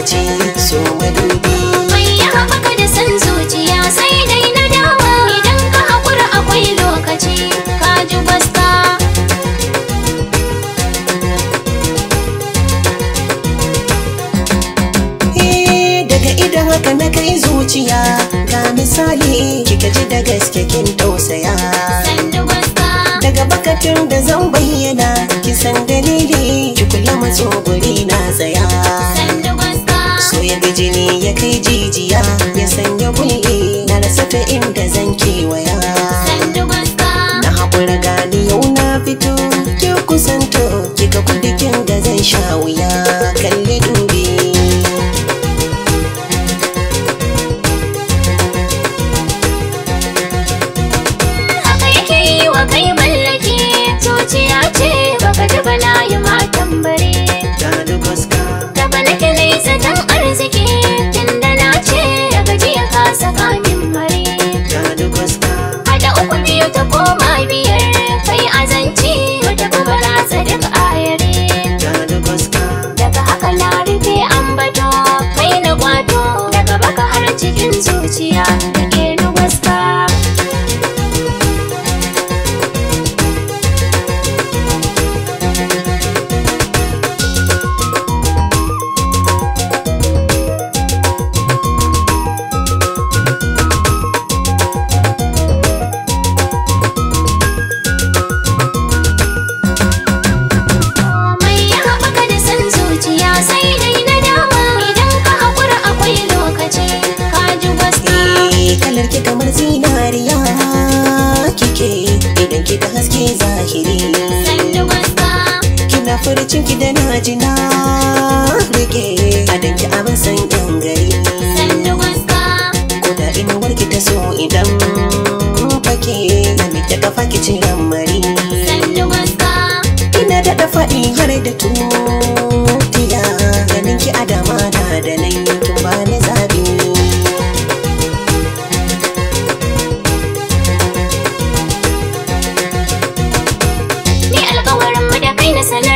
lokaci so mai ya haɓaka da san zuciya sai dai na dawa idan ka haƙura akwai lokaci ka ji gwasta eh, daga idan haka na kai zuciya ga misali kika ji da gaske kin tausaya daga bakatun da zan bayyana kisan dalili ki kula matso guri na tsaya ya bi jini ya kai jijiya ya sanya kul'i na rasa ta inda zan kewaya na haƙura gani yau na fito ki kusanto kika kudikin da zan sha wuya kalli dubi wa kai mallaki ya ce baka ji na yi kaunar ki kamar zinariya kike idan ki haske zahiri kina furucin ki da najina rike A danki abin san yan gari ko da ina ki ta so idan fake na mike kafa ki ci lamari ina da faɗi har da tutiya ganin ki a na da nai Gracias.